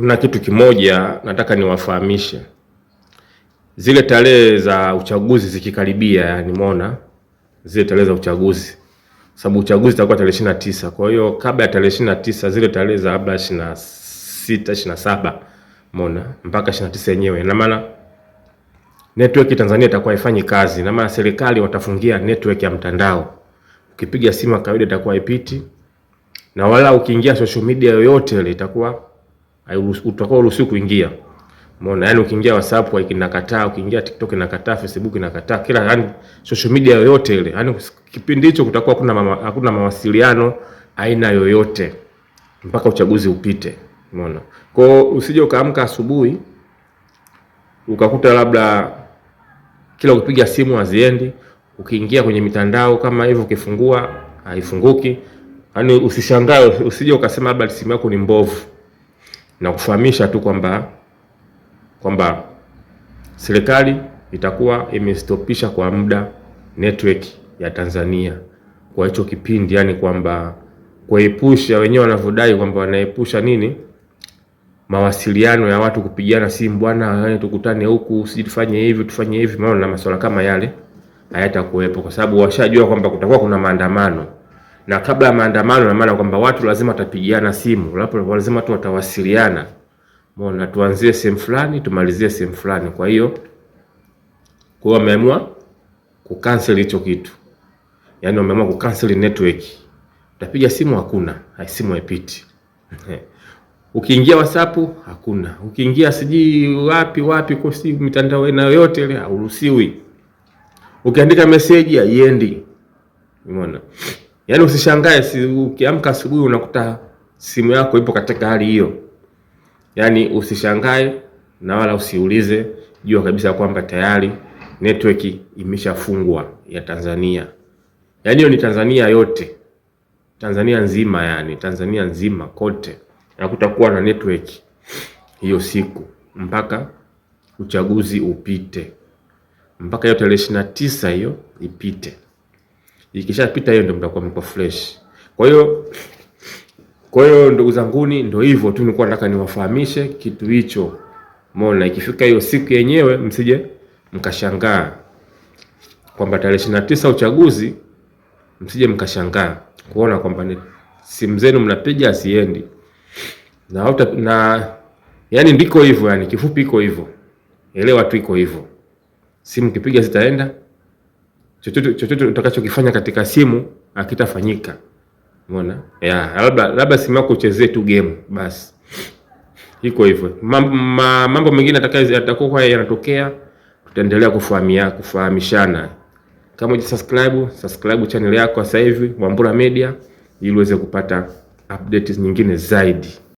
kuna kitu kimoja nataka niwafahamishe. Zile tarehe za uchaguzi zikikaribia, yani muona zile tarehe za uchaguzi, sababu uchaguzi utakuwa tarehe ishirini na tisa. Kwa hiyo kabla ya tarehe ishirini na tisa zile tarehe za labda ishirini na sita ishirini na saba muona mpaka ishirini na tisa yenyewe, ina maana network Tanzania itakuwa haifanyi kazi, na maana serikali watafungia network ya mtandao. Ukipiga simu kawaida itakuwa ipiti, na wala ukiingia social media yoyote ile itakuwa utakuwa kuingia. Umeona, yani ukiingia WhatsApp inakataa, ukiingia TikTok inakataa, Facebook inakataa, kila yani social media yoyote ile. Yani kipindi hicho kutakuwa hakuna mama, hakuna mawasiliano aina yoyote mpaka uchaguzi upite. Umeona, kwa usije ukaamka asubuhi ukakuta labda kila ukipiga simu haziendi, ukiingia kwenye mitandao kama hivyo, ukifungua haifunguki. Yani usishangae, usije ukasema labda simu yako ni mbovu na kufahamisha tu kwamba kwamba serikali itakuwa imestopisha kwa muda network ya Tanzania kwa hicho kipindi, yani kwamba kuepusha, wenyewe wanavyodai kwamba wanaepusha nini mawasiliano ya watu kupigiana simu, bwana tukutane huku, sisi tufanye hivi tufanye hivi, maana na masuala kama yale hayatakuwepo, kwa sababu washajua kwamba kutakuwa kuna maandamano na kabla ya maandamano, na maana kwamba watu lazima watapigiana simu, lapo lazima tu watawasiliana, umeona, tuanzie sehemu fulani tumalizie sehemu fulani. Kwa hiyo kwa wameamua kukansel hicho kitu, yaani wameamua kukansel network. Utapiga simu hakuna, hai simu haipiti ukiingia WhatsApp hakuna, ukiingia sijui wapi wapi, kwa si mitandao inayo yote ile hauruhusiwi, ukiandika message haiendi, umeona. Yaani usishangae si ukiamka asubuhi unakuta simu yako ipo katika hali hiyo. Yaani usishangae na wala usiulize, jua kabisa kwamba tayari network imeshafungwa ya Tanzania. Yaani hiyo ni Tanzania yote, Tanzania nzima, yani Tanzania nzima kote hakutakuwa na network hiyo siku mpaka uchaguzi upite, mpaka hiyo tarehe 29 na tisa hiyo ipite. Ikishapita hiyo ndio mtakuwa mko fresh. Kwa hiyo kwa hiyo ndugu zanguni, ndio hivyo tu nilikuwa nataka niwafahamishe kitu hicho. Mona ikifika hiyo siku yenyewe msije mkashangaa kwamba tarehe 29 uchaguzi, msije mkashangaa kuona kwamba simu zenu mnapiga asiendi na hauta, na yani ndiko hivyo, yani kifupi iko hivyo, elewa tu iko hivyo, simu kipiga zitaenda chochote chochote utakachokifanya katika simu akitafanyika. Ah, Umeona? Yeah, labda labda simu yako uchezee tu game basi. Iko hivyo. Mambo mengine atakayokuwa yanatokea tutaendelea kufahamia kufahamishana. Kama uji subscribe, subscribe channel yako sasa hivi Mwambura Media ili uweze kupata updates nyingine zaidi.